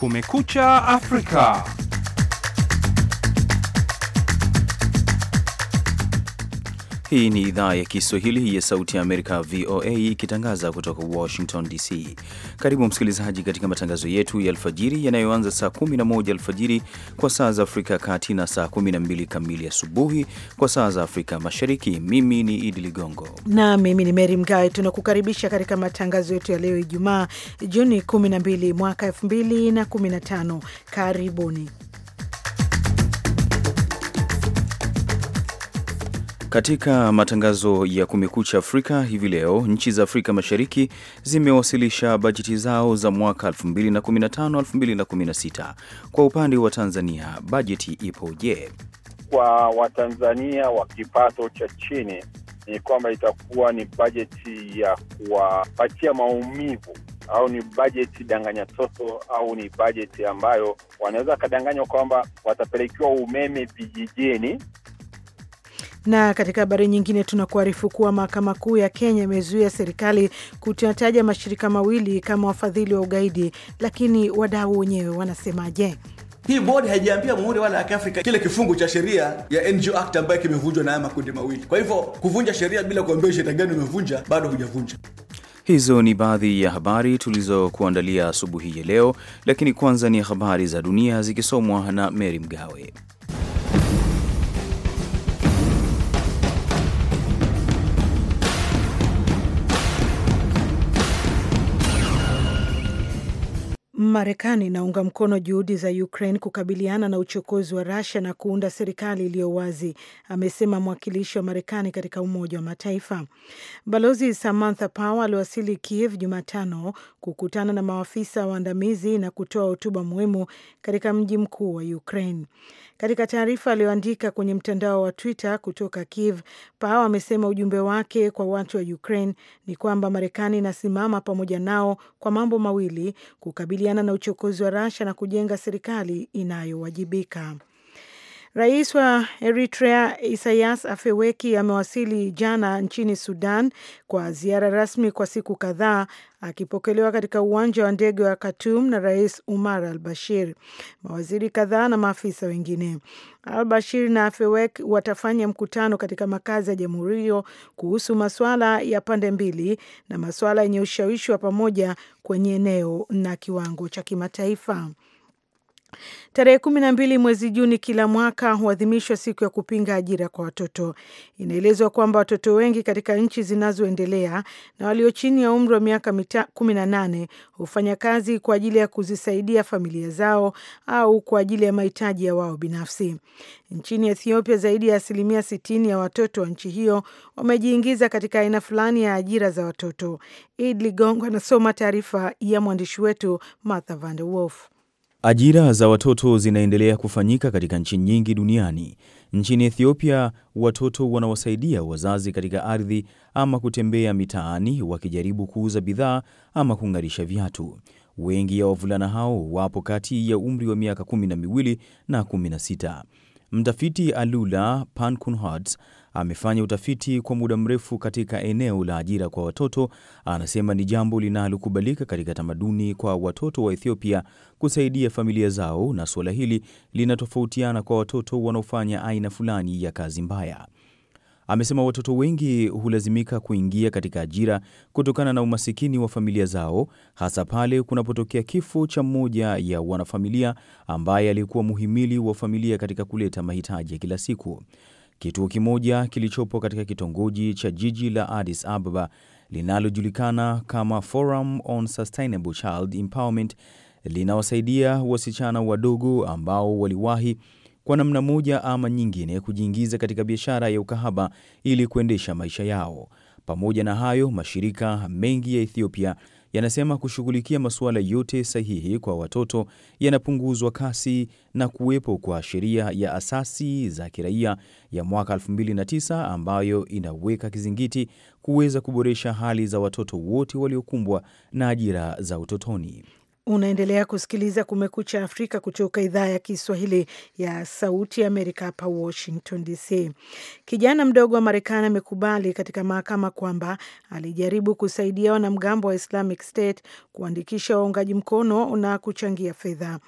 Kumekucha Afrika. Hii ni idhaa ya Kiswahili ya Sauti ya Amerika, VOA, ikitangaza kutoka Washington DC. Karibu msikilizaji, katika matangazo yetu ya alfajiri yanayoanza saa 11 alfajiri kwa saa za Afrika ya Kati na saa 12 kamili asubuhi kwa saa za Afrika Mashariki. Mimi ni Idi Ligongo na mimi ni mery Mgawe. Tunakukaribisha katika matangazo yetu ya leo Ijumaa, Juni 12 mwaka 2015. Karibuni. Katika matangazo ya Kumekucha Afrika hivi leo, nchi za Afrika Mashariki zimewasilisha bajeti zao za mwaka 2015-2016. Kwa upande wa Tanzania, bajeti je Kwa Watanzania wa kipato cha chini ni kwamba itakuwa ni bajeti ya kuwapatia maumivu au ni bajeti danganya toto au ni bajeti ambayo wanaweza wakadanganywa kwamba watapelekewa umeme vijijini na katika habari nyingine tunakuarifu kuwa mahakama kuu ya Kenya imezuia serikali kutataja mashirika mawili kama wafadhili wa ugaidi, lakini wadau wenyewe wanasemaje? Hii bodi haijaambia muhuri wala Afrika kile kifungu cha sheria ya NGO Act ambayo kimevunjwa na haya makundi mawili. Kwa hivyo kuvunja sheria bila kuambia sheria gani umevunja, bado hujavunja. Hizo ni baadhi ya habari tulizokuandalia asubuhi ya leo, lakini kwanza ni habari za dunia zikisomwa na mery Mgawe. Marekani inaunga mkono juhudi za Ukraine kukabiliana na uchokozi wa Russia na kuunda serikali iliyo wazi, amesema mwakilishi wa Marekani katika Umoja wa Mataifa. Balozi Samantha Power aliwasili Kiev Jumatano kukutana na maafisa waandamizi na kutoa hotuba muhimu katika mji mkuu wa Ukraine. Katika taarifa aliyoandika kwenye mtandao wa Twitter kutoka Kiev, Pao amesema ujumbe wake kwa watu wa Ukraine ni kwamba Marekani inasimama pamoja nao kwa mambo mawili: kukabiliana na uchokozi wa Russia na kujenga serikali inayowajibika. Rais wa Eritrea Isaias afeweki amewasili jana nchini Sudan kwa ziara rasmi kwa siku kadhaa, akipokelewa katika uwanja wa ndege wa Khartoum na Rais Umar al Bashir, mawaziri kadhaa na maafisa wengine. Al Bashir na afewek watafanya mkutano katika makazi ya jamhuri hiyo kuhusu masuala ya pande mbili na masuala yenye ushawishi wa pamoja kwenye eneo na kiwango cha kimataifa. Tarehe kumi na mbili mwezi Juni kila mwaka huadhimishwa siku ya kupinga ajira kwa watoto. Inaelezwa kwamba watoto wengi katika nchi zinazoendelea na walio chini ya umri wa miaka kumi na nane hufanya kazi kwa ajili ya kuzisaidia familia zao au kwa ajili ya mahitaji ya wao binafsi. Nchini Ethiopia, zaidi ya asilimia sitini ya watoto wa nchi hiyo wamejiingiza katika aina fulani ya ajira za watoto. Id Ligongo anasoma taarifa ya mwandishi wetu Martha Van Wolf. Ajira za watoto zinaendelea kufanyika katika nchi nyingi duniani. Nchini Ethiopia, watoto wanawasaidia wazazi katika ardhi ama kutembea mitaani wakijaribu kuuza bidhaa ama kung'arisha viatu. Wengi ya wavulana hao wapo kati ya umri wa miaka kumi na miwili na kumi na sita. Mtafiti Alula Pankunhards amefanya utafiti kwa muda mrefu katika eneo la ajira kwa watoto. Anasema ni jambo linalokubalika katika tamaduni kwa watoto wa Ethiopia kusaidia familia zao, na suala hili linatofautiana kwa watoto wanaofanya aina fulani ya kazi mbaya. Amesema watoto wengi hulazimika kuingia katika ajira kutokana na umasikini wa familia zao, hasa pale kunapotokea kifo cha mmoja ya wanafamilia ambaye alikuwa muhimili wa familia katika kuleta mahitaji ya kila siku. Kituo kimoja kilichopo katika kitongoji cha jiji la Addis Ababa linalojulikana kama Forum on Sustainable Child Empowerment linawasaidia wasichana wadogo ambao waliwahi kwa namna moja ama nyingine kujiingiza katika biashara ya ukahaba ili kuendesha maisha yao. Pamoja na hayo, mashirika mengi ya Ethiopia yanasema kushughulikia masuala yote sahihi kwa watoto yanapunguzwa kasi na kuwepo kwa sheria ya asasi za kiraia ya mwaka 2009 ambayo inaweka kizingiti kuweza kuboresha hali za watoto wote waliokumbwa na ajira za utotoni. Unaendelea kusikiliza Kumekucha Afrika kutoka idhaa ya Kiswahili ya Sauti ya Amerika hapa Washington DC. Kijana mdogo wa Marekani amekubali katika mahakama kwamba alijaribu kusaidia wanamgambo wa Islamic State kuandikisha waungaji mkono na kuchangia fedha.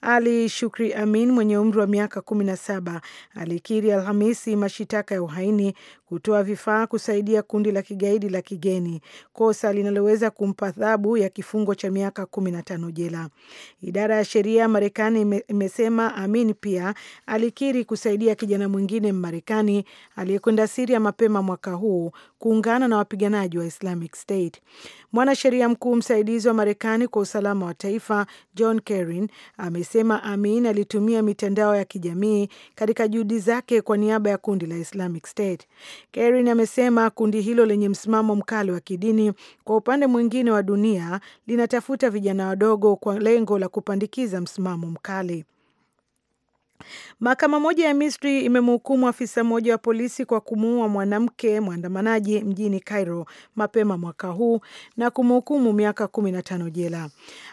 Ali Shukri Amin mwenye umri wa miaka kumi na saba alikiri Alhamisi mashitaka ya uhaini hutoa vifaa kusaidia kundi la kigaidi la kigeni, kosa linaloweza kumpa adhabu ya kifungo cha miaka kumi na tano jela. Idara ya sheria ya Marekani imesema Amin pia alikiri kusaidia kijana mwingine Mmarekani aliyekwenda Siria mapema mwaka huu kuungana na wapiganaji wa Islamic State. Mwanasheria mkuu msaidizi wa Marekani kwa usalama wa taifa John carin amesema Amin alitumia mitandao ya kijamii katika juhudi zake kwa niaba ya kundi la Islamic State. carin amesema kundi hilo lenye msimamo mkali wa kidini, kwa upande mwingine wa dunia, linatafuta vijana wadogo kwa lengo la kupandikiza msimamo mkali. Mahakama moja ya Misri imemhukumu afisa mmoja wa polisi kwa kumuua mwanamke mwandamanaji mjini Cairo mapema mwaka huu na kumhukumu miaka kumi na tano jela.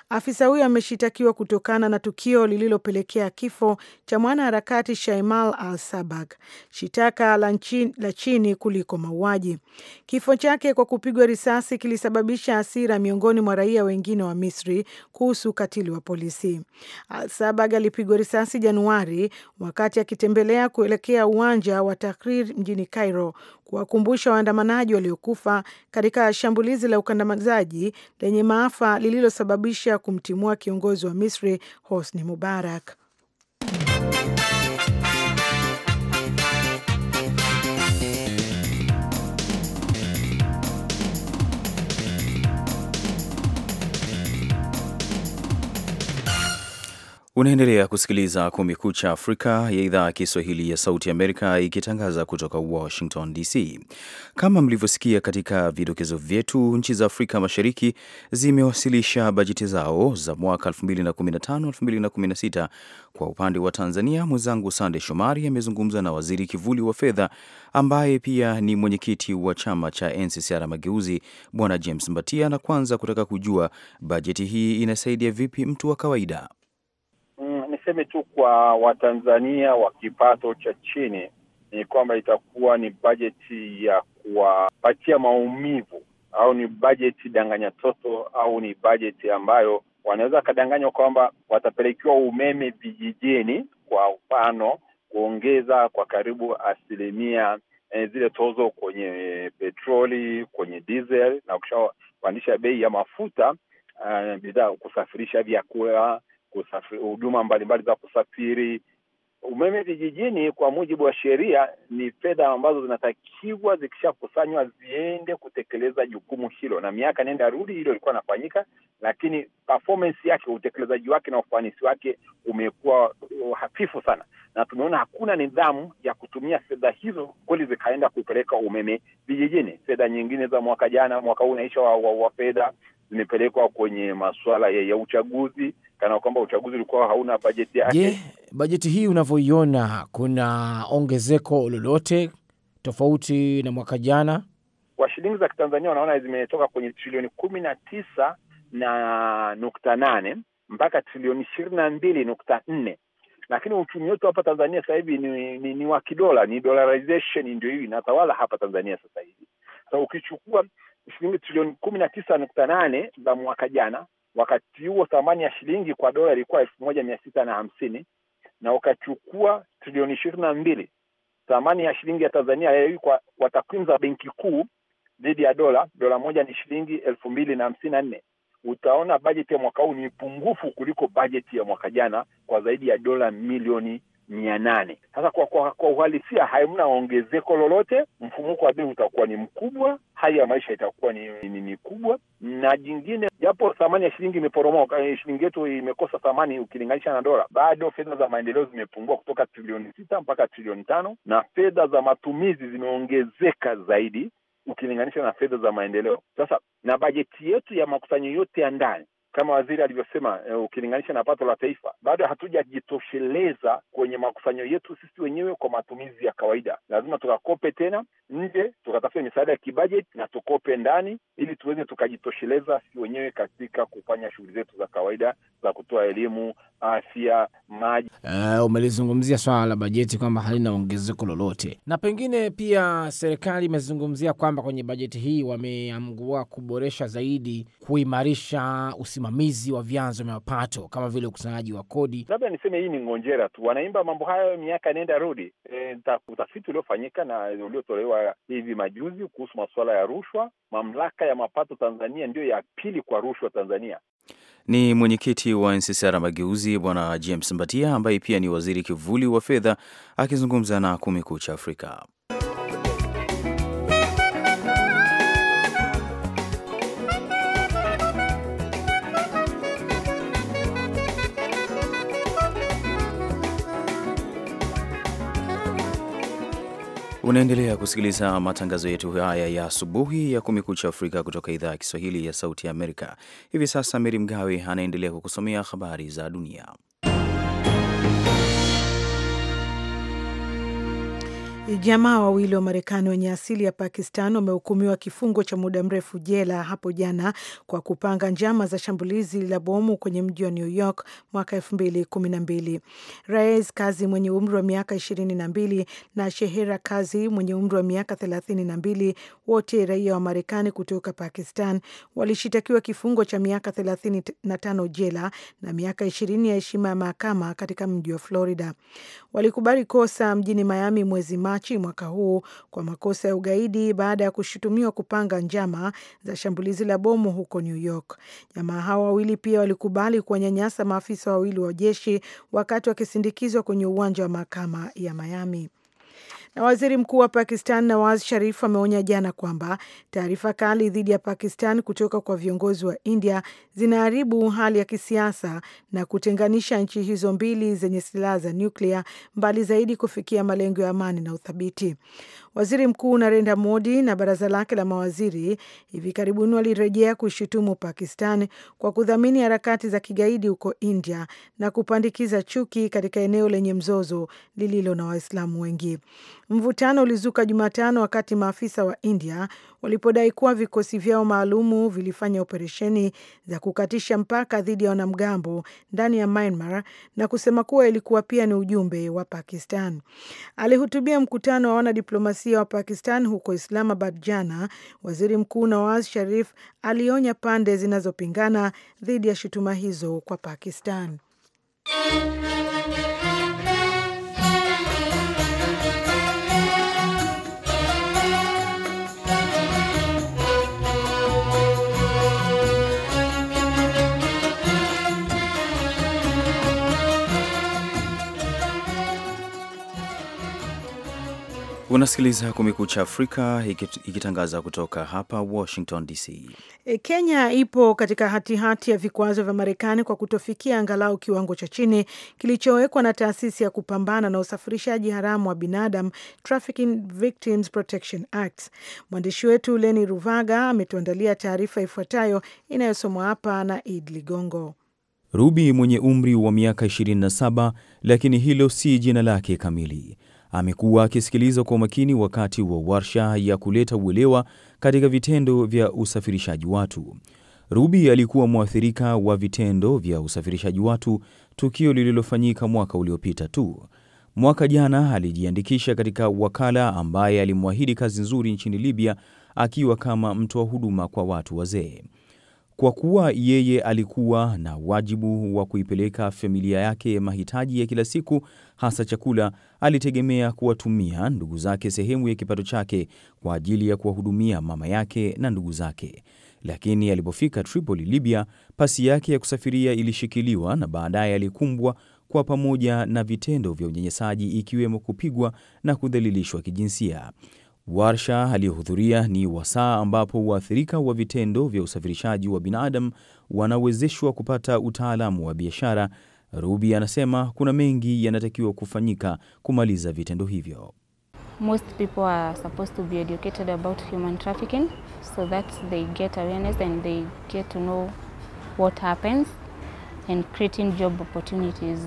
Afisa huyo ameshitakiwa kutokana na tukio lililopelekea kifo cha mwanaharakati Shaimal Al Sabag, shitaka la, nchi, la chini kuliko mauaji. Kifo chake kwa kupigwa risasi kilisababisha hasira miongoni mwa raia wengine wa Misri kuhusu ukatili wa polisi. Al Sabag alipigwa risasi Januari wakati akitembelea kuelekea uwanja wa Tahrir mjini Cairo kuwakumbusha waandamanaji waliokufa katika shambulizi la ukandamizaji lenye maafa lililosababisha kumtimua kiongozi wa Misri Hosni Mubarak. Unaendelea kusikiliza Kumekucha Afrika ya idhaa ya Kiswahili ya Sauti Amerika ikitangaza kutoka Washington DC. Kama mlivyosikia katika vidokezo vyetu, nchi za Afrika Mashariki zimewasilisha bajeti zao za mwaka 2015-2016. Kwa upande wa Tanzania, mwenzangu Sande Shomari amezungumza na waziri kivuli wa fedha ambaye pia ni mwenyekiti wa chama cha NCCR Mageuzi, Bwana James Mbatia, na kwanza kutaka kujua bajeti hii inasaidia vipi mtu wa kawaida niseme tu kwa Watanzania wa kipato cha chini ni kwamba itakuwa ni bajeti ya kuwapatia maumivu au ni bajeti danganya toto au ni bajeti ambayo wanaweza wakadanganywa kwamba watapelekewa umeme vijijini, kwa mfano kuongeza kwa karibu asilimia eh, zile tozo kwenye petroli, kwenye diesel na ukishapandisha bei ya mafuta uh, bidhaa, kusafirisha vyakula huduma mbalimbali za kusafiri. Umeme vijijini, kwa mujibu wa sheria, ni fedha ambazo zinatakiwa zikishakusanywa ziende kutekeleza jukumu hilo, na miaka nenda rudi hilo ilikuwa inafanyika, lakini performance yake, utekelezaji wake na ufanisi wake umekuwa uh, hafifu sana, na tumeona hakuna nidhamu ya kutumia fedha hizo kweli zikaenda kupeleka umeme vijijini. Fedha nyingine za mwaka jana, mwaka huu unaisha wa, wa, wa fedha zimepelekwa kwenye masuala ya, ya uchaguzi kana kwamba uchaguzi ulikuwa hauna bajeti yake. Je, bajeti hii unavyoiona, kuna ongezeko lolote tofauti na mwaka jana? Kwa shilingi za Kitanzania wanaona zimetoka kwenye trilioni kumi na tisa na nukta nane mpaka trilioni ishirini na mbili nukta nne lakini uchumi wetu hapa Tanzania sasa hivi ni, ni, ni wa kidola, ni dollarization ndio hii inatawala hapa Tanzania sasa hivi. Sasa ukichukua shilingi trilioni kumi na tisa nukta nane za mwaka jana. Wakati huo thamani ya shilingi kwa dola ilikuwa elfu moja mia sita na hamsini na ukachukua trilioni ishirini na mbili thamani ya shilingi ya Tanzania leo kwa, kwa takwimu za benki kuu dhidi ya dola, dola moja ni shilingi elfu mbili na hamsini na nne. Utaona bajeti ya mwaka huu ni pungufu kuliko bajeti ya mwaka jana kwa zaidi ya dola milioni mia nane. Sasa kwa, kwa, kwa uhalisia hamna ongezeko lolote. Mfumuko wa bei utakuwa ni mkubwa, hali ya maisha itakuwa ni, ni, ni kubwa. Na jingine, japo thamani ya shilingi imeporomoka, eh, shilingi yetu imekosa thamani ukilinganisha na dola, bado fedha za maendeleo zimepungua kutoka trilioni sita mpaka trilioni tano na fedha za matumizi zimeongezeka zaidi ukilinganisha na fedha za maendeleo. Sasa na bajeti yetu ya makusanyo yote ya ndani kama waziri alivyosema, eh, ukilinganisha na pato la taifa, bado hatujajitosheleza kwenye makusanyo yetu sisi wenyewe kwa matumizi ya kawaida. Lazima tukakope tena nje, tukatafuta misaada ya kibajeti na tukope ndani, ili tuweze tukajitosheleza sisi wenyewe katika kufanya shughuli zetu za kawaida za kutoa elimu afya, maji. Uh, umelizungumzia swala la bajeti kwamba halina ongezeko lolote, na pengine pia serikali imezungumzia kwamba kwenye bajeti hii wameamgua kuboresha zaidi, kuimarisha usimamizi wa vyanzo vya mapato kama vile ukusanyaji wa kodi. Labda niseme hii ni ngonjera tu, wanaimba mambo hayo miaka nenda rudi. E, utafiti uliofanyika na uliotolewa hivi majuzi kuhusu masuala ya rushwa, mamlaka ya mapato Tanzania ndiyo ya pili kwa rushwa Tanzania ni mwenyekiti wa NCCR Mageuzi, Bwana James Mbatia, ambaye pia ni waziri kivuli wa fedha, akizungumza na Kumekucha Afrika. Unaendelea kusikiliza matangazo yetu haya ya asubuhi ya Kumekucha Afrika kutoka idhaa ya Kiswahili ya Sauti ya Amerika. Hivi sasa Meri Mgawe anaendelea kukusomea habari za dunia. Jamaa wawili wa Marekani wenye asili ya Pakistan wamehukumiwa kifungo cha muda mrefu jela hapo jana kwa kupanga njama za shambulizi la bomu kwenye mji wa New York mwaka elfu mbili kumi na mbili. Rais Kazi mwenye umri wa miaka ishirini na mbili na Shehera Kazi mwenye umri wa miaka thelathini na mbili, wote raia wa Marekani kutoka Pakistan, walishitakiwa kifungo cha miaka thelathini na tano jela na miaka ishirini ya heshima ya mahakama katika mji wa Florida. Walikubali kosa mjini Miami mwezi Machi Machi mwaka huu kwa makosa ya ugaidi baada ya kushutumiwa kupanga njama za shambulizi la bomu huko New York. Jamaa hao wawili pia walikubali kuwanyanyasa maafisa wawili wa jeshi wakati wakisindikizwa kwenye uwanja wa mahakama ya Miami. Na waziri mkuu wa Pakistan Nawaz Sharif ameonya jana kwamba taarifa kali dhidi ya Pakistan kutoka kwa viongozi wa India zinaharibu hali ya kisiasa na kutenganisha nchi hizo mbili zenye silaha za nyuklia mbali zaidi kufikia malengo ya amani na uthabiti. Waziri Mkuu Narendra Modi na baraza lake la mawaziri hivi karibuni walirejea kuishutumu Pakistan kwa kudhamini harakati za kigaidi huko India na kupandikiza chuki katika eneo lenye mzozo lililo na Waislamu wengi. Mvutano ulizuka Jumatano wakati maafisa wa India walipodai kuwa vikosi vyao maalumu vilifanya operesheni za kukatisha mpaka dhidi ya wanamgambo ndani ya Myanmar na kusema kuwa ilikuwa pia ni ujumbe wa Pakistan. Alihutubia mkutano wa wanadiplomasia wa Pakistan huko Islamabad jana. Waziri Mkuu Nawaz Sharif alionya pande zinazopingana dhidi ya shutuma hizo kwa Pakistan. Unasikiliza Kumekucha Afrika ikitangaza kutoka hapa Washington DC. E, Kenya ipo katika hatihati hati ya vikwazo vya Marekani kwa kutofikia angalau kiwango cha chini kilichowekwa na taasisi ya kupambana na usafirishaji haramu wa binadamu, Trafficking Victims Protection Act. Mwandishi wetu Leni Ruvaga ametuandalia taarifa ifuatayo inayosomwa hapa na Id Ligongo. Ruby mwenye umri wa miaka 27, lakini hilo si jina lake kamili amekuwa akisikiliza kwa makini wakati wa warsha ya kuleta uelewa katika vitendo vya usafirishaji watu. Ruby alikuwa mwathirika wa vitendo vya usafirishaji watu, tukio lililofanyika mwaka uliopita tu. Mwaka jana alijiandikisha katika wakala ambaye alimwahidi kazi nzuri nchini Libya akiwa kama mtoa huduma kwa watu wazee. Kwa kuwa yeye alikuwa na wajibu wa kuipeleka familia yake mahitaji ya kila siku, hasa chakula, alitegemea kuwatumia ndugu zake sehemu ya kipato chake kwa ajili ya kuwahudumia mama yake na ndugu zake. Lakini alipofika Tripoli, Libya, pasi yake ya kusafiria ilishikiliwa na baadaye alikumbwa kwa pamoja na vitendo vya unyanyasaji ikiwemo kupigwa na kudhalilishwa kijinsia. Warsha aliyohudhuria ni wasaa ambapo waathirika wa vitendo vya usafirishaji wa binadamu wanawezeshwa kupata utaalamu wa biashara Rubi anasema kuna mengi yanatakiwa kufanyika kumaliza vitendo hivyo. Most people are supposed to be educated about human trafficking so that they get awareness and they get to know what happens and creating job opportunities.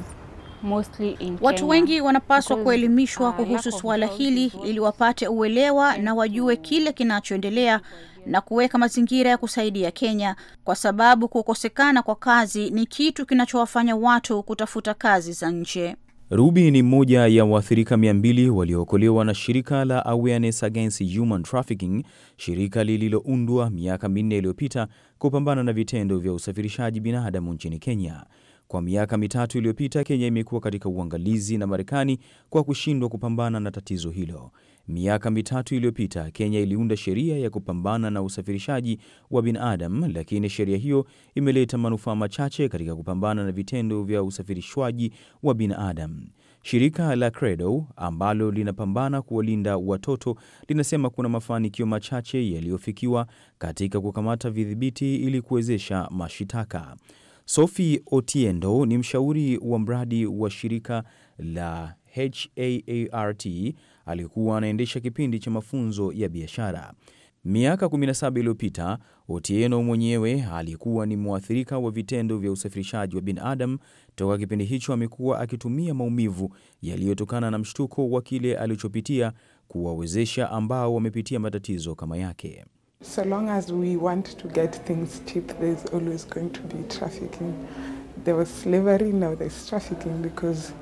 Watu wengi wanapaswa kuelimishwa uh, kuhusu suala hili ili wapate uelewa na wajue kile kinachoendelea na kuweka mazingira ya kusaidia Kenya, kwa sababu kukosekana kwa kazi ni kitu kinachowafanya watu kutafuta kazi za nje. Ruby ni mmoja ya waathirika 200 waliookolewa na shirika la Awareness Against Human Trafficking, shirika lililoundwa miaka minne iliyopita kupambana na vitendo vya usafirishaji binadamu nchini Kenya. Kwa miaka mitatu iliyopita, Kenya imekuwa katika uangalizi na Marekani kwa kushindwa kupambana na tatizo hilo. Miaka mitatu iliyopita Kenya iliunda sheria ya kupambana na usafirishaji wa binadamu, lakini sheria hiyo imeleta manufaa machache katika kupambana na vitendo vya usafirishwaji wa binadamu. Shirika la Credo ambalo linapambana kuwalinda watoto linasema kuna mafanikio machache yaliyofikiwa katika kukamata vidhibiti ili kuwezesha mashitaka. Sophie Otiendo ni mshauri wa mradi wa shirika la HAART alikuwa anaendesha kipindi cha mafunzo ya biashara. Miaka 17 iliyopita, Otieno mwenyewe alikuwa ni mwathirika wa vitendo vya usafirishaji wa binadamu. Toka kipindi hicho amekuwa akitumia maumivu yaliyotokana na mshtuko wa kile alichopitia kuwawezesha ambao wamepitia matatizo kama yake. So long as we want to get things cheap, there's always going to be trafficking. There was slavery, now there's trafficking because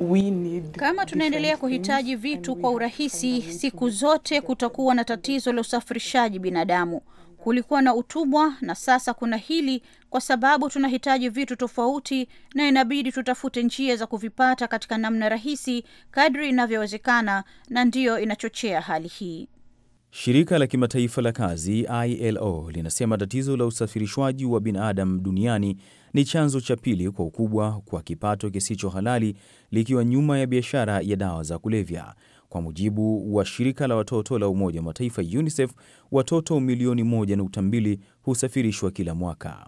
We need kama tunaendelea kuhitaji vitu kwa urahisi siku zote, kutakuwa na tatizo la usafirishaji binadamu. Kulikuwa na utumwa na sasa kuna hili, kwa sababu tunahitaji vitu tofauti na inabidi tutafute njia za kuvipata katika namna rahisi kadri inavyowezekana, na ndiyo inachochea hali hii. Shirika la kimataifa la kazi ILO linasema tatizo la usafirishwaji wa binadamu duniani ni chanzo cha pili kwa ukubwa kwa kipato kisicho halali, likiwa nyuma ya biashara ya dawa za kulevya. Kwa mujibu wa shirika la watoto la Umoja wa Mataifa UNICEF, watoto milioni 1.2 husafirishwa kila mwaka.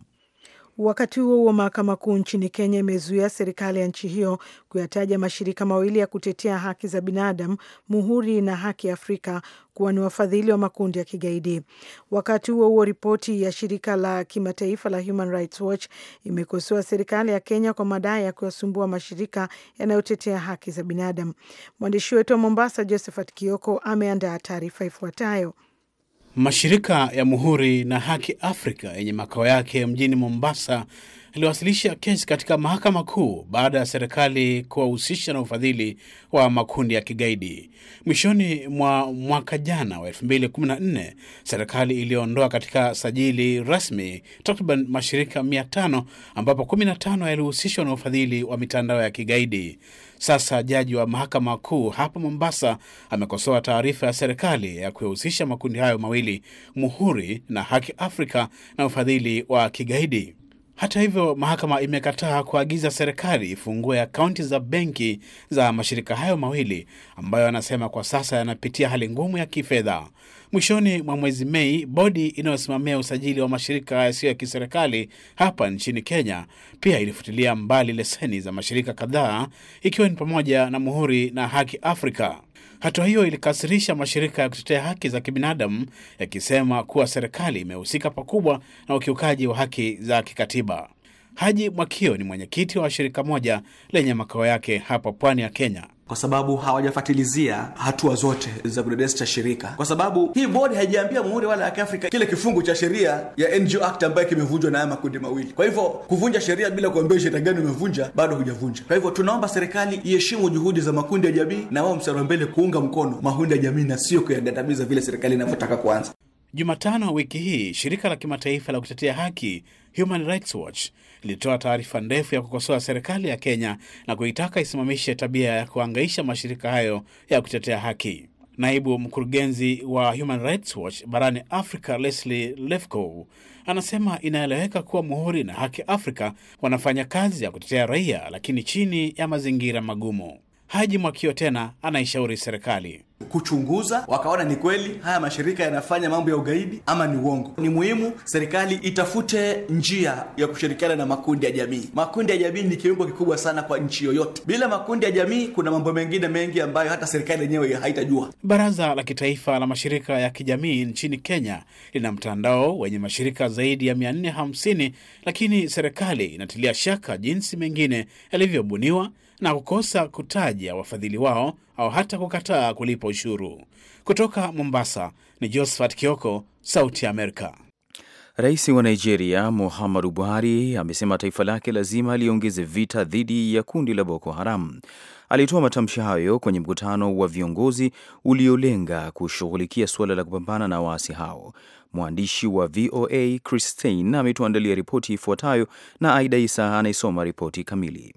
Wakati huo huo, mahakama kuu nchini Kenya imezuia serikali ya nchi hiyo kuyataja mashirika mawili ya kutetea haki za binadamu, Muhuri na Haki Afrika, kuwa ni wafadhili wa makundi ya kigaidi. Wakati huo huo, ripoti ya shirika la kimataifa la Human Rights Watch imekosoa serikali ya Kenya kwa madai ya kuyasumbua mashirika yanayotetea haki za binadamu. Mwandishi wetu wa Mombasa, Josephat Kioko, ameandaa taarifa ifuatayo. Mashirika ya Muhuri na Haki Afrika yenye makao yake mjini Mombasa iliwasilisha kesi katika mahakama kuu baada ya serikali kuwahusisha na ufadhili wa makundi ya kigaidi. Mwishoni mwa mwaka jana wa 2014, serikali iliondoa katika sajili rasmi takriban mashirika 500 ambapo 15 yalihusishwa na ufadhili wa mitandao ya kigaidi. Sasa jaji wa mahakama kuu hapa Mombasa amekosoa taarifa ya serikali ya kuyahusisha makundi hayo mawili, Muhuri na Haki Afrika, na ufadhili wa kigaidi. Hata hivyo, mahakama imekataa kuagiza serikali ifungue akaunti za benki za mashirika hayo mawili ambayo anasema kwa sasa yanapitia hali ngumu ya kifedha. Mwishoni mwa mwezi Mei, bodi inayosimamia usajili wa mashirika yasiyo ya kiserikali hapa nchini Kenya pia ilifutilia mbali leseni za mashirika kadhaa, ikiwa ni pamoja na Muhuri na Haki Afrika. Hatua hiyo ilikasirisha mashirika ya kutetea haki za kibinadamu yakisema kuwa serikali imehusika pakubwa na ukiukaji wa haki za kikatiba. Haji Mwakio ni mwenyekiti wa shirika moja lenye makao yake hapa pwani ya Kenya kwa sababu hawajafatilizia hatua zote za kudedesha shirika, kwa sababu hii bodi haijaambia muhuri wala akiafrika Afrika kile kifungu cha sheria ya NGO Act ambayo kimevunjwa na haya makundi mawili. Kwa hivyo kuvunja sheria bila kuambia sheria gani umevunja, bado hujavunja. Kwa hivyo tunaomba serikali iheshimu juhudi za makundi ya jamii na wao msara wa mbele kuunga mkono makundi ya jamii na sio kuyagandamiza vile serikali inavyotaka kuanza. Jumatano wiki hii shirika la kimataifa la kutetea haki Human Rights Watch ilitoa taarifa ndefu ya kukosoa serikali ya Kenya na kuitaka isimamishe tabia ya kuangaisha mashirika hayo ya kutetea haki. Naibu mkurugenzi wa Human Rights Watch barani Afrika, Leslie Lefcow, anasema inaeleweka kuwa Muhuri na Haki Afrika wanafanya kazi ya kutetea raia, lakini chini ya mazingira magumu. Haji Mwakio tena anaishauri serikali kuchunguza wakaona ni kweli haya mashirika yanafanya mambo ya ugaidi ama ni uongo. Ni muhimu serikali itafute njia ya kushirikiana na makundi ya jamii. Makundi ya jamii ni kiungo kikubwa sana kwa nchi yoyote. Bila makundi ya jamii, kuna mambo mengine mengi ambayo hata serikali yenyewe haitajua. Baraza la Kitaifa la Mashirika ya Kijamii nchini Kenya lina mtandao wenye mashirika zaidi ya 450 lakini serikali inatilia shaka jinsi mengine yalivyobuniwa na kukosa kutaja wafadhili wao au hata kukataa kulipa ushuru. Kutoka Mombasa ni Josephat Kioko, Sauti ya Amerika. Rais wa Nigeria Muhammadu Buhari amesema taifa lake lazima liongeze vita dhidi ya kundi la Boko Haram. Alitoa matamshi hayo kwenye mkutano wa viongozi uliolenga kushughulikia suala la kupambana na waasi hao. Mwandishi wa VOA Christine ametuandalia ripoti ifuatayo na Aida Isa anayesoma ripoti kamili.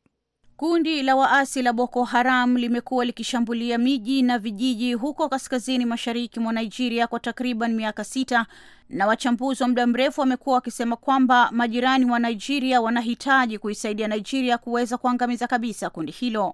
Kundi la waasi la Boko Haram limekuwa likishambulia miji na vijiji huko kaskazini mashariki mwa Nigeria kwa takriban miaka sita, na wachambuzi wa muda mrefu wamekuwa wakisema kwamba majirani wa Nigeria wanahitaji kuisaidia Nigeria kuweza kuangamiza kabisa kundi hilo.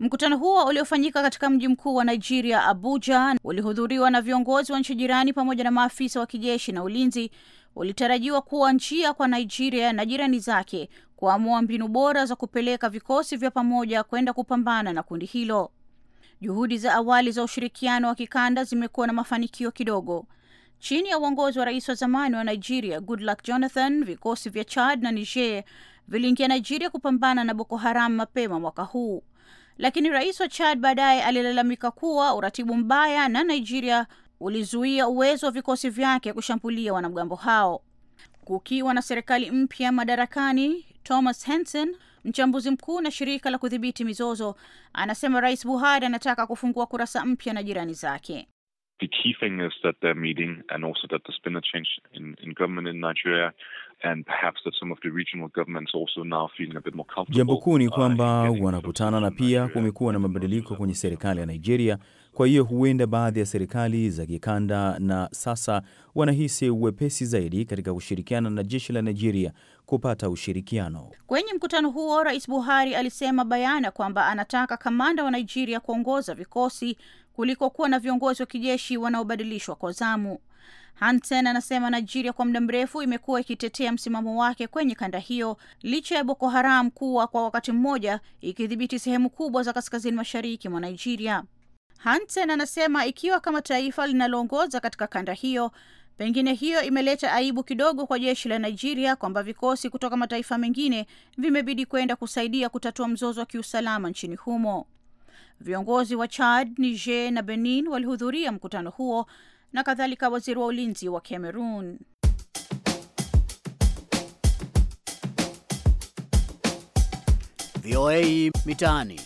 Mkutano huo uliofanyika katika mji mkuu wa Nigeria, Abuja, ulihudhuriwa na viongozi wa nchi jirani pamoja na maafisa wa kijeshi na ulinzi, ulitarajiwa kuwa njia kwa Nigeria na jirani zake kuamua mbinu bora za kupeleka vikosi vya pamoja kwenda kupambana na kundi hilo. Juhudi za awali za ushirikiano wa kikanda zimekuwa na mafanikio kidogo. Chini ya uongozi wa rais wa zamani wa Nigeria Goodluck Jonathan, vikosi vya Chad na Niger viliingia Nigeria kupambana na Boko Haram mapema mwaka huu, lakini rais wa Chad baadaye alilalamika kuwa uratibu mbaya na Nigeria ulizuia uwezo wa vikosi vyake kushambulia wanamgambo hao kukiwa na serikali mpya madarakani, Thomas Henson, mchambuzi mkuu na shirika la kudhibiti mizozo, anasema Rais Buhari anataka kufungua kurasa mpya na jirani zake. The key thing is that they're meeting and also that there's been a change in, in government in Nigeria and perhaps that some of the regional governments also now feeling a bit more comfortable. Jambo kuu ni uh, kwamba wanakutana na pia kumekuwa na mabadiliko kwenye serikali ya Nigeria kwa hiyo huenda baadhi ya serikali za kikanda na sasa wanahisi uwepesi zaidi katika kushirikiana na jeshi la Nigeria kupata ushirikiano. Kwenye mkutano huo, Rais Buhari alisema bayana kwamba anataka kamanda wa Nigeria kuongoza vikosi kuliko kuwa na viongozi wa kijeshi wanaobadilishwa kwa zamu. Hansen anasema Nigeria kwa muda mrefu imekuwa ikitetea msimamo wake kwenye kanda hiyo licha ya Boko Haram kuwa kwa wakati mmoja ikidhibiti sehemu kubwa za kaskazini mashariki mwa Nigeria. Hansen anasema ikiwa kama taifa linaloongoza katika kanda hiyo, pengine hiyo imeleta aibu kidogo kwa jeshi la Nigeria kwamba vikosi kutoka mataifa mengine vimebidi kwenda kusaidia kutatua mzozo wa kiusalama nchini humo. Viongozi wa Chad, Niger na Benin walihudhuria mkutano huo na kadhalika waziri wa ulinzi wa Cameroon. VOA Mitaani.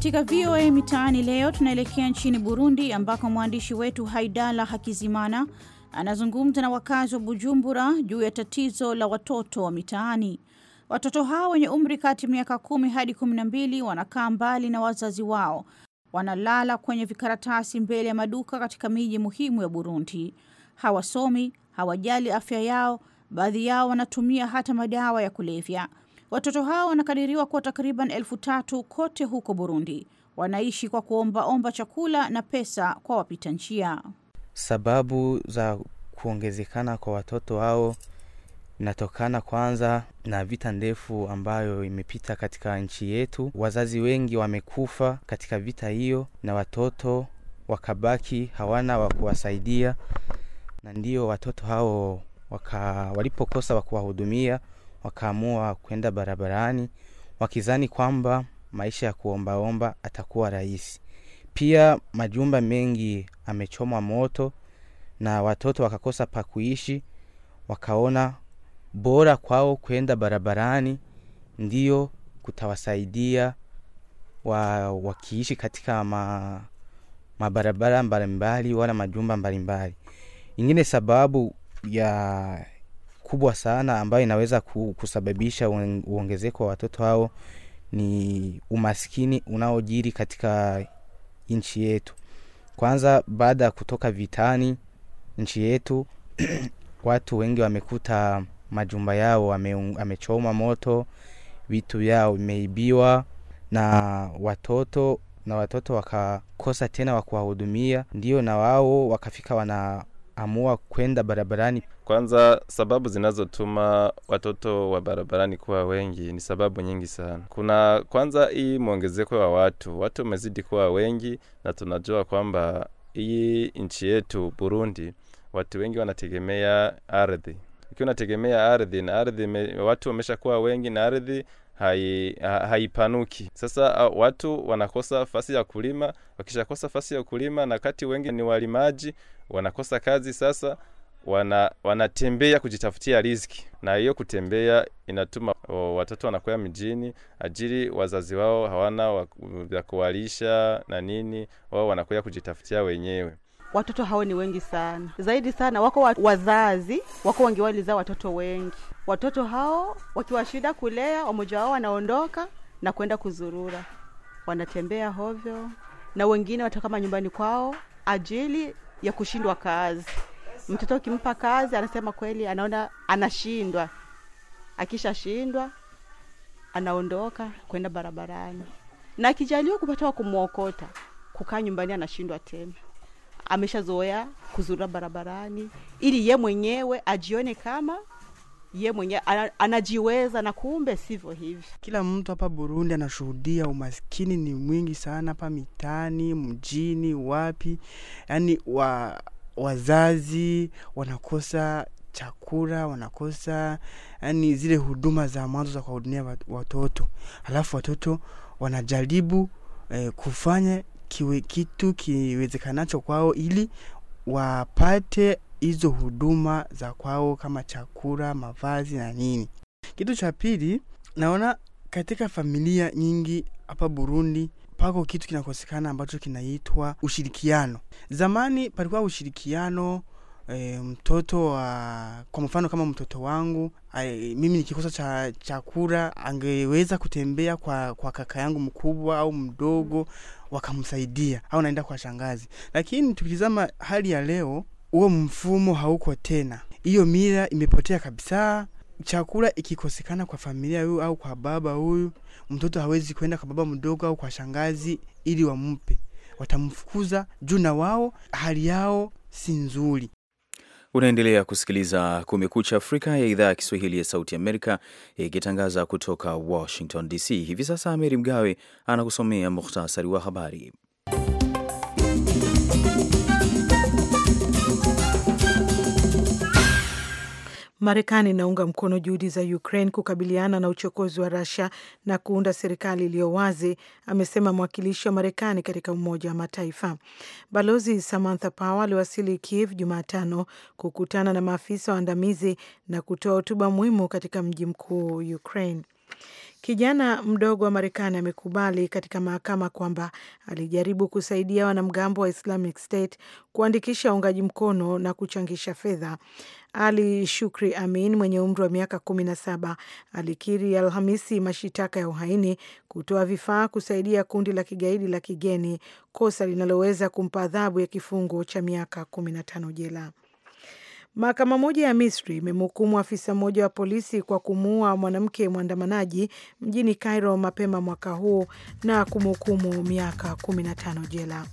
Katika VOA Mitaani leo tunaelekea nchini Burundi ambako mwandishi wetu Haidala Hakizimana anazungumza na wakazi wa Bujumbura juu ya tatizo la watoto wa mitaani. Watoto hao wenye umri kati ya miaka kumi hadi kumi na mbili wanakaa mbali na wazazi wao, wanalala kwenye vikaratasi mbele ya maduka katika miji muhimu ya Burundi. Hawasomi, hawajali afya yao, baadhi yao wanatumia hata madawa ya kulevya. Watoto hao wanakadiriwa kuwa takriban elfu tatu kote huko Burundi. Wanaishi kwa kuombaomba chakula na pesa kwa wapita njia. Sababu za kuongezekana kwa watoto hao inatokana kwanza na vita ndefu ambayo imepita katika nchi yetu. Wazazi wengi wamekufa katika vita hiyo, na watoto wakabaki hawana wa kuwasaidia, na ndio watoto hao walipokosa wa kuwahudumia wakaamua kwenda barabarani wakizani kwamba maisha ya kuombaomba atakuwa rahisi. Pia majumba mengi amechomwa moto na watoto wakakosa pa kuishi, wakaona bora kwao kwenda barabarani ndiyo kutawasaidia wa, wakiishi katika ma, mabarabara mbalimbali wala majumba mbalimbali. Ingine sababu ya kubwa sana ambayo inaweza kusababisha uongezeko wa watoto hao ni umaskini unaojiri katika nchi yetu. Kwanza, baada ya kutoka vitani nchi yetu watu wengi wamekuta majumba yao amechoma moto, vitu vyao vimeibiwa na watoto na watoto wakakosa tena wa kuwahudumia, ndio na wao wakafika wana amua kwenda barabarani. Kwanza, sababu zinazotuma watoto wa barabarani kuwa wengi ni sababu nyingi sana. Kuna kwanza hii mwongezeko wa watu, watu wamezidi kuwa wengi, na tunajua kwamba hii nchi yetu Burundi watu wengi wanategemea ardhi. Ikiwa unategemea ardhi na ardhi, watu kuwa wengi na ardhi hai, sasa haipanuki. Sasa watu wanakosa fasi ya kulima, wakishakosa fasi ya kulima na kati wengi ni walimaji wanakosa kazi sasa wana wanatembea kujitafutia riski na hiyo kutembea inatuma o, watoto wanakuwa mjini, ajili wazazi wao hawana vya kuwalisha na nini, wao wanakwea kujitafutia wenyewe. Watoto hao ni wengi sana, zaidi sana wako wazazi, wako wengi watoto wengi. Watoto hao wakiwa shida kulea, wamoja wao wanaondoka na kwenda kuzurura, wanatembea hovyo, na wengine watakama nyumbani kwao ajili ya kushindwa kazi. Mtoto ukimpa kazi, anasema kweli, anaona anashindwa. Akishashindwa anaondoka kwenda barabarani, na akijaliwa kupata wa kumwokota, kukaa nyumbani anashindwa tena ameshazoea kuzura barabarani, ili ye mwenyewe ajione kama ye mwenyewe anajiweza, na kumbe sivyo hivi. Kila mtu hapa Burundi anashuhudia umaskini ni mwingi sana, hapa mitaani, mjini, wapi, yaani wa wazazi wanakosa chakula wanakosa, yani zile huduma za mwanzo za kuwahudumia watoto, alafu watoto wanajaribu eh, kufanya kiwe kitu kiwezekanacho kwao ili wapate hizo huduma za kwao kama chakula, mavazi na nini. Kitu cha pili, naona katika familia nyingi hapa Burundi pako kitu kinakosekana ambacho kinaitwa ushirikiano. Zamani palikuwa ushirikiano e, mtoto wa kwa mfano kama mtoto wangu ai, mimi nikikosa cha chakula angeweza kutembea kwa, kwa kaka yangu mkubwa au mdogo wakamsaidia au naenda kwa shangazi. Lakini tukitizama hali ya leo, huo mfumo hauko tena, hiyo mira imepotea kabisa. Chakula ikikosekana kwa familia huyu au kwa baba huyu, mtoto hawezi kwenda kwa baba mdogo au kwa shangazi ili wampe, watamfukuza juu na wao hali yao si nzuri. Unaendelea kusikiliza Kumekucha Afrika ya idhaa ya Kiswahili ya Sauti Amerika ikitangaza kutoka Washington DC. Hivi sasa Ameri Mgawe anakusomea muhtasari wa habari. Marekani inaunga mkono juhudi za Ukraine kukabiliana na uchokozi wa Russia na kuunda serikali iliyo wazi, amesema mwakilishi wa Marekani katika Umoja wa Mataifa. Balozi Samantha Power aliwasili Kiev Jumatano kukutana na maafisa waandamizi na kutoa hotuba muhimu katika mji mkuu Ukraine. Kijana mdogo wa Marekani amekubali katika mahakama kwamba alijaribu kusaidia wanamgambo wa Islamic State kuandikisha uungaji mkono na kuchangisha fedha. Ali Shukri Amin mwenye umri wa miaka kumi na saba alikiri Alhamisi mashitaka ya uhaini, kutoa vifaa kusaidia kundi la kigaidi la kigeni, kosa linaloweza kumpa adhabu ya kifungo cha miaka kumi na tano jela. Mahakama moja ya Misri imemhukumu afisa mmoja wa polisi kwa kumuua mwanamke mwandamanaji mjini Cairo mapema mwaka huu na kumhukumu miaka 15 jela.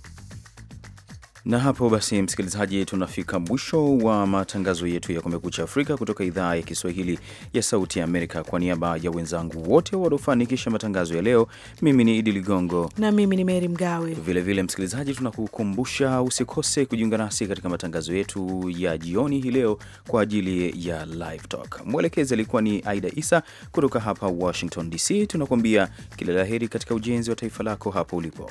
Na hapo basi, msikilizaji, tunafika mwisho wa matangazo yetu ya Kumekucha Afrika kutoka idhaa ya Kiswahili ya Sauti ya Amerika. Kwa niaba ya wenzangu wote waliofanikisha matangazo ya leo, mimi ni Idi Ligongo na mimi ni Meri Mgawe. Vilevile msikilizaji, tunakukumbusha usikose kujiunga nasi katika matangazo yetu ya jioni hii leo kwa ajili ya Live Talk. Mwelekezi alikuwa ni Aida Isa kutoka hapa Washington DC. Tunakuambia kila la heri katika ujenzi wa taifa lako hapo ulipo.